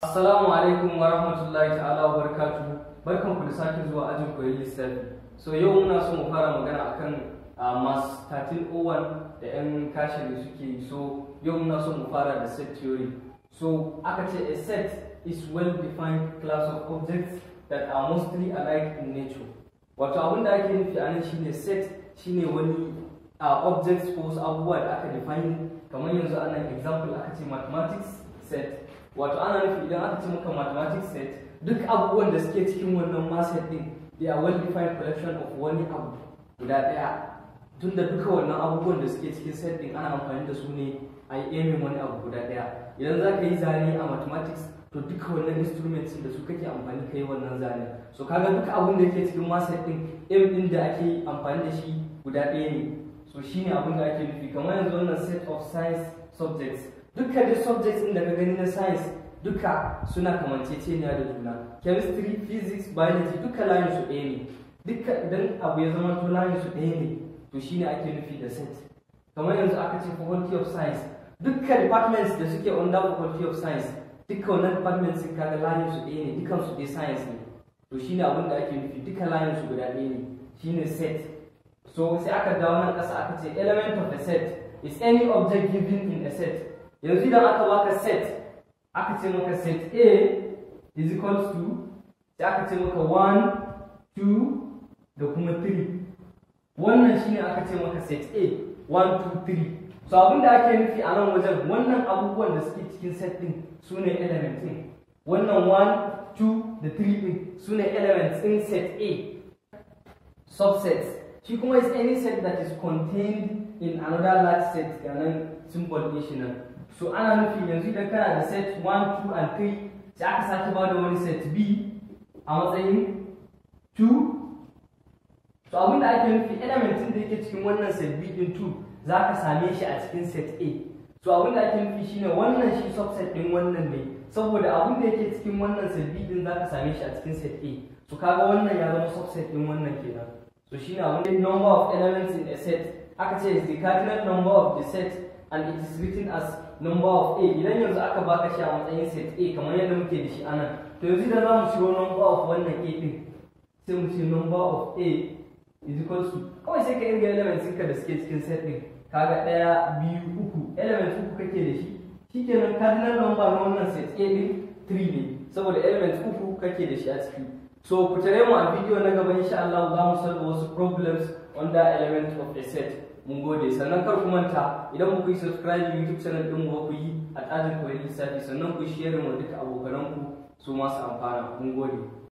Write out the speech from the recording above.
Assalamu alaikum wa rahmatullahi ta'ala wa barkatu. Barkan ku da sake zuwa ajin koyi lissafi. So yau muna so mu fara magana akan ah, mass 1301 da 'yan kashe da suke yi. So yau muna so mu fara da set theory. So aka ce a set is well-defined class of objects that are mostly alike in nature. Wato abin da ake nufi anan shine set shine wani ah, objects ko wasu abubuwa da aka define kamar yanzu anan example aka ce mathematics set wato ana nufi idan aka ci maka mathematics set duk abubuwan da suke cikin wannan maset din they are well defined collection of wani abu guda daya tunda duka wannan abubuwan da suke cikin set din ana amfani da su ne a yi aiming wani abu guda daya idan za ka yi zane a mathematics to duka wannan instruments da su kake amfani ka yi wannan zane so kaga duka abun da yake cikin maset din aim din da ake amfani da shi guda daya ne so shine abun da ake nufi kamar yanzu wannan set of science subjects duka duk subjects ɗin da ka gani na science duka suna kamanceceniya da juna chemistry physics biology duka layin su ɗaya ne duka idan abu ya zama to layin su ɗaya ne to shine ake nufi da set kamar yanzu aka ce faculty of science duka departments da suke under faculty of science duka wannan departments sun kaga layin su ɗaya ne dukan su ɗaya science ne to shine abin da ake nufi duka layin su guda ɗaya ne shine set so sai aka dawo nan ƙasa aka ce element of the set is any object given in a set yanzu idan aka baka set aka set a is equal to sai aka 1 2 da kuma 3 wannan shine aka ce maka set a 1 2 3 so abinda ake nufi a nan wajen wannan abubuwan da suke cikin set din su ne element din 1 2 3 din su elements in set a subsets shi kuma is any set that is contained in another large set ganin symbol ɗin so ana nufin yanzu idan kana da set 1 2 and 3 sai aka sake ba da wani set b a matsayin 2 so abin da ake nufi elementin da yake cikin wannan set b din 2 za ka same shi a cikin set a so abin da ake nufi shine wannan shi subset din wannan ne saboda abin da yake cikin wannan set b din za ka same shi a cikin set a so kaga wannan ya zama subset din wannan kenan so shine abin da number of elements in a set aka ce the cardinal number of the set and it is written as number of a idan yanzu aka baka shi a matsayin set a kamar yadda muke da shi anan to yanzu idan za mu shiro number of wannan a din sai mu ce number of a is equal to kawai sai ka irga elements ɗinka da suke cikin set din kaga ɗaya biyu uku elements uku kake da shi shikenan cardinal number na wannan set a din 3 ne saboda elements uku kake da shi a ciki so ku tare mu a bidiyo na gaba insha Allah za mu salwa wasu problems on that element of a set mun sannan kar ku manta idan ku yi subscribe youtube channel din mu ku yi a tsarin koyon lissafi sannan ku share mu duka ku su masu amfana mun gode